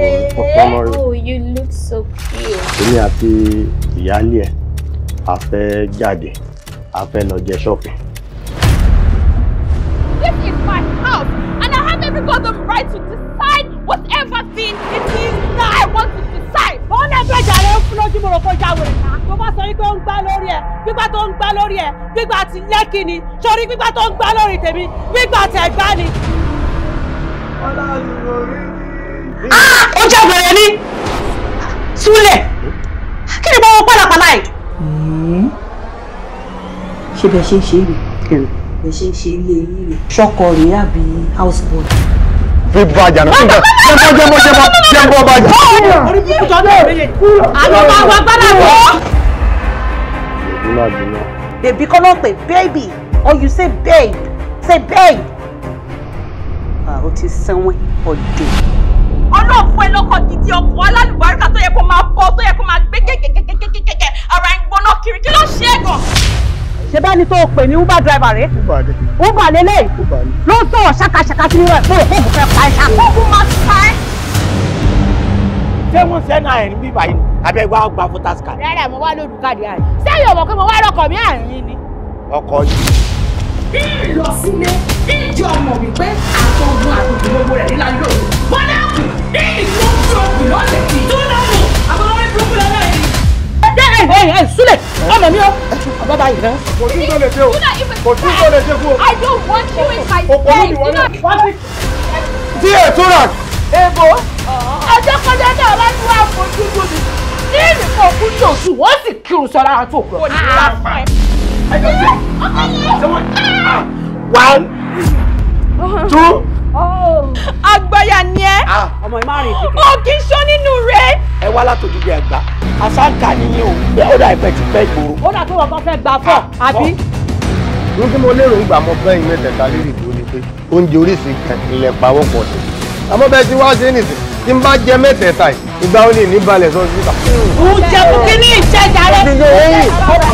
Eh, oh you look so cute. èmi àti ìyáálé ẹ̀ a fẹ́ jáde a fẹ́ lọ jẹ shopping. this is my house and I have every goddamn right to decide whatever thing it is that I want to decide. wọ́n lè gbẹ̀jà rẹ̀ ń fún lójú mọ̀rọ̀ kọjá wèrè ká. tó bá sọ wípé ó ń gbá lórí ẹ̀ gbígbà tó ń gbá lórí ẹ̀ gbígbà ti lẹ́kìnni sórí gbígbà tó ń gbá lórí tèmi gbígbà tẹ̀ gbá ni. túlẹ̀ kí ni báwọn pàlàpàlà yìí. ṣé bẹ ṣe ń ṣe rè bẹ ṣe ń ṣe ilé yín rè ṣọkọ rè àbí house boy. fi bá a jàǹdà síbẹ̀ jẹ́mbọ́ jẹ́mbọ́ jẹ́mbọ́ bá a jà. orí kúkú tó ní òrìyè àlọ́ máa wá gbọ́dọ̀ bèbí kọ́ ló pè baby or you say babe say babe. àwọn ti sanwó ọ̀dẹ̀ ọlọ́run fún ẹ lọ́kọ̀ gidi ọkọ̀ alálùbáríkà tó yẹ kó máa bọ́ tó yẹ kó máa gbé gẹ́gẹ́gẹ́gẹ́gẹ́gẹ́ ara ń gbóná kiri kí ló ṣe é gan. ṣé bẹ́ẹ̀ ni tó o pè ní uber driver rẹ uber lélẹ̀ ló ń sọ̀rọ̀ ṣàkàṣàkà sí rẹ̀ pé òkú òkú fẹ́ pa ẹ̀ ṣàkóso máa pa ẹ̀. ṣé wọ́n sẹ́nu àìrìn bíbá yìí abẹ́ wa gba voters card. rárá mo wá lóòdù káàdì àrùn sẹ́yìn ọ̀mọ̀ pé mo wá rọkọ̀ mi àrùn ni. ọkọ yìí. bí ìlọsílẹ̀ bí ìjọ ọmọ wípé àtọ̀gbọ́n àtọ̀gbọ́n gbogbo rẹ̀ nílá yóò yẹn ẹ súlẹ̀ ọmọ mi o bàbá yìí rẹ. kò tún tó lè dé o kò tún tó lè dé o. I don't want you in my bed. díẹ̀ tó rà. èbó ọjọ́ kọjá náà wá ní wàá fojú gbòdì ní ìrìnkàn kú ní oṣù wọ́n sì kírun sọ́ra àti òkú. kò ní bá fà ah. ah. ah. one two. àgbàyà oh. ni ẹ. ọmọ ìmárìn. o kì í sọ nínú rẹ wá látòdìdì ẹ̀gbá àsáǹkà nìyẹn ò gbẹ ó dà ìpẹ́ ti pẹ́ ìgboro. ó dà pé wọn kan fẹ́ gbà fọ́ àbí. ní kí mo lérò ń gbà mọ bẹ́ẹ̀ ìmọ̀ ẹ̀tẹ̀ta lérè tó ní pé oúnjẹ oríṣi kan ilẹ̀ pawọ́ pọ̀ sí. àmọ́ bẹ́ẹ̀ tí wàá ṣe é nìsín tí n bá jẹ mẹ́tẹ̀ẹ̀ta ìgbà ó ní ìníbalẹ̀ sọ síta. ǹjẹ́ kò ní ìṣẹ́jà rẹ̀.